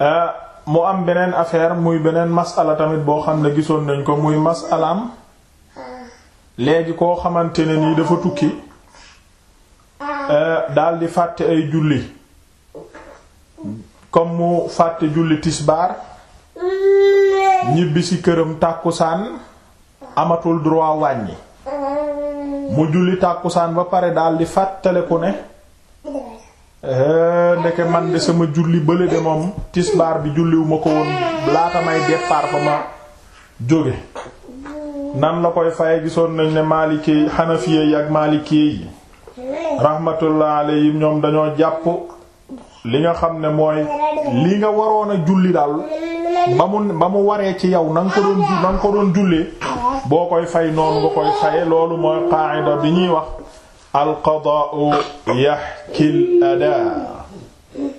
Euh, mu am beneen affaire muy beneen masala tamit boo xam ne gisoon nañ ko muy masalaam léegi koo xamante ne nii dafa tukki euh, daldi fàtte ay julli comme mu fàtte julli tisbaar ñibbi ci këram tàkkusaan amatul droit wàññi mu julli tàkkusaan ba pare di fàttaleku ne euh, ndeke man de sama julli bële de bi julliwu ko woon laata may nan la koy fay gisoon nañ ne maalikee xanafiye yi ak maalikee yi rahmatullah alayhim ñoom dañoo jàpp li nga xam ne mooy li nga waroon a julli daal ba mu waree ci yow na ko doon na jullee boo koy fay noonu nga koy faye loolu mooy qaida bi ñuy wax al yahkil adaa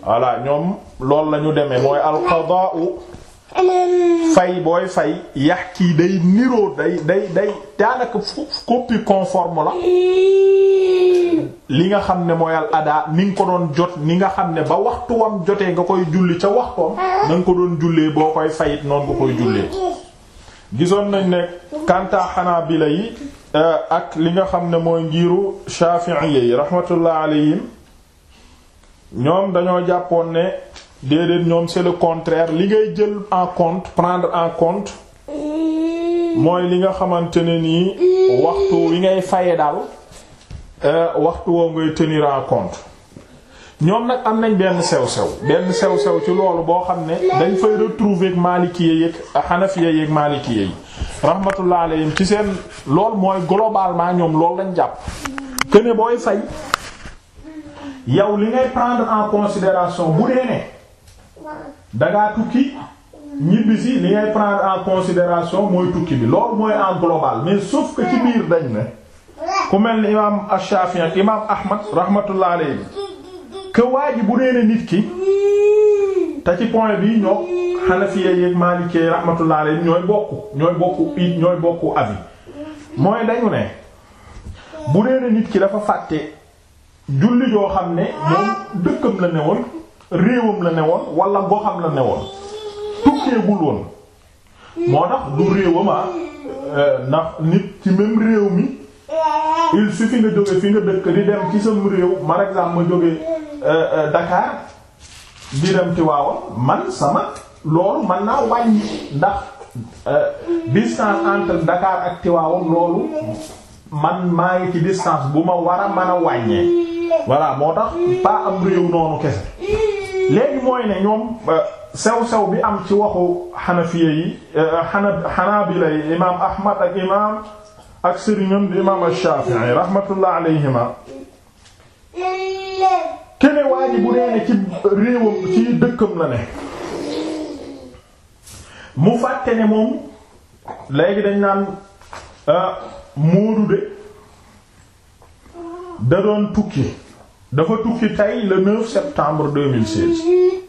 voilà ñoom loolu lañu ñu demee mooy alqadaau fay booy fay yax kii day niroo day day day daanaka copie conforme la li nga xam ne mooy al ada ni nga ko doon jot ni nga xam ne ba waxtu wam jotee nga koy julli ca waxtoom na nga ko doon jullee boo koy fayit noonu nga koy jullee gisoon nañ ne kanta xanaa bila yi euh, ak li nga xam ne mooy ngiiru shafi'iyyi rahmatullah alayhim ñoom dañoo jàppoon ne déedéet ñoom c'est le contraire li ngay jël en compte prendre en compte mooy li nga xamante ne nii waxtu wi ngay faye daal euh, waxtu woo ngay tenir en compte ñoom nag am nañ benn sew-sew benn sew-sew ci loolu boo xam ne dañ fay retrouver ak maalikiyé yeeg xanafiye yeeg maalikiyé yi rahmatullah alayhim ci seen lool mooy globalement ñoom loolu lañ jàpp que ne booy fay yow li ngay prendre en considération bu dee ne dangaa tukki ñibbisi li ngay prendre en considération mooy tukki bi loolu mooy en global mais sauf que ci biir dañ ne ku mel ni imaam Shafi'i ak imaam Ahmad rahmatullah alayhi que waa ji bu dee ne nit ki te ci point bi ñoo Hanafiyya yeek Maalikiyya rahmatullah alayhi ñooy ñooy bokk ñooy bokk avis mooy dañu ne bu dee ne nit ki dafa fàtte. julli joo xam ne moom dëkkam la ne woon réewam la ne woon wala xam la ne woon tukkeegul woon moo tax du réewama ah, euh, ndax nit ci même réew mi il suffit nga jóge fi nga dëkk di dem ci sam réew par exemple ma jóge euh, euh, Dakar di dem man sama loolu man naa wàññi ndax distance entre Dakar ak Tivaouane loolu man maa ngi ci distance bu ma war a mën a wàññee voilà moo tax pas am noonu kese léegi mooy ne ñoom sew sew bi am ci waxu xanafiya yi xana eh, xanaabila yi imaam Ahmad ak imaam ak sëriñam di imaam Shaafi'i rahmatullah alayhima kene waa dee ne ci réewam ci dëkkam la ne mu fàtte ne moom léegi dañ naan eh, Moodu de da doon tukki. dafa tukki tey la 9 septembre 2016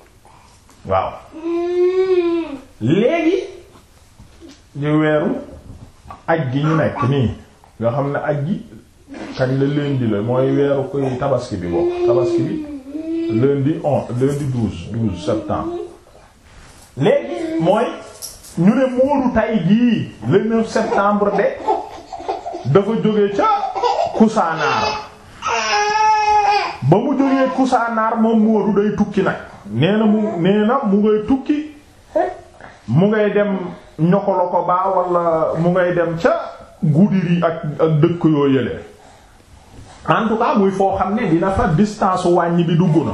waaw léegi ñu weeru aj gi ñu nekk nii nga xam ne aj gi kañ la lundi la mooy weeru koy tabaski bi bokk tabaski bi lundi on lundi 12 12 septembre léegi mooy ñu ne moodu tay gii le 9 septembre de dafa jóge ca Kusaanaar ba mu jógee kusaanaar moom moodu day tukki nag nee na mu nee na mu ngay tukki mu ngay dem ñokolo ko baa wala mu ngay dem ca Gudiri ak ak dëkk yoo yële en muy foo xam ne dina fa distance wàññi bi dugg na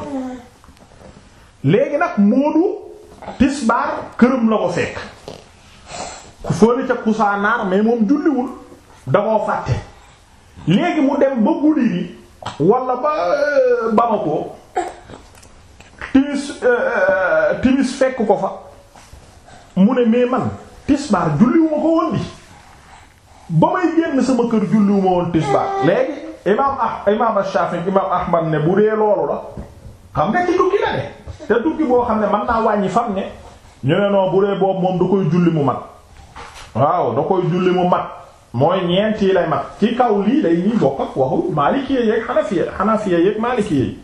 léegi nag moodu tisbaar këram la ko fekk ku fële ca kusaanaar mais moom julliwul da koo fàtte léegi mu dem ba Gudiri wala ba euh, Bamako timis euh, euh, timis fekk ko fa mu ne mais man tisbaar julliwuma ko woon bi ba may génn sama kër julliwuma woon tisbaar léegi imaam ah imaam Shafi'i imaam Ahmad ne bu dee loolu la xam nga ci duggi la de te duggi boo xam ne mën naa wàññi fam ne ñu ne non bu dee boobu moom da koy julli mu mat waaw da koy julli mu mat mooy ñeent yi lay mat ci kaw lii day ñuy bokk ak waxu maalikiyee yeeg xanafiye xanafiye yeeg maalikiyee yi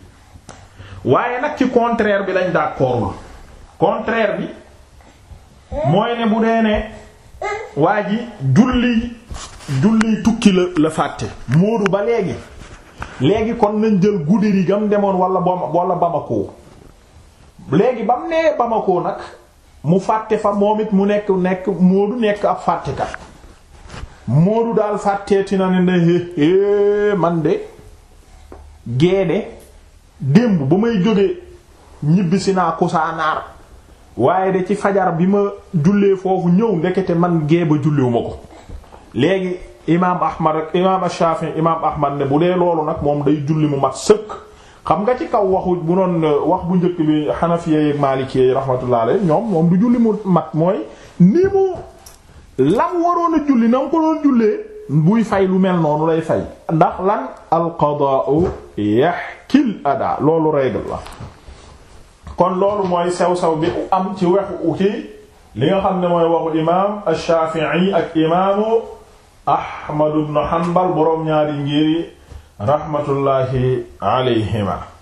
waaye nag ci contraire bi lañ d'accordul contraire bi mooy ne bu dee ne waa ji julli julli tukki la la fàtte moodu ba léegi léegi kon nañ jël Goudiry gam demoon wala bama wala Bamako léegi ba mu nee Bamako nag mu fàtte fa moom it mu nekk nekk moodu nekk ab fàttekat moodu daal fàtteeti na ne ne man de geede démb ba may jógee ñibbisi naa kusaanaar waaye de ci fajar bi ma jullee foofu ñëw ndekete man gee ba julliwuma ko léegi imaam ahmad ak imaam Shafi imaam ahmad ne bu dee loolu nag moom day julli mu mat sëkk xam nga ci kaw waxu bu doon wax bu njëkk bi xanafiye ak maalikee rahmatullah alayhi ñoom moom du julli mu mat mooy ni mu lam waroon a julli na ko doon jullee buy fay lu mel noonu lay fay ndax lan alqadaau yaxkil ada loolu règle la kon loolu mooy sew-sew bi am ci wexu uti li nga xam ne mooy waxu imaam ash-Shafi'i ak imaamu Ahmad ibn Hanbal boroom ñaari ngiri rahmatullahi alayhima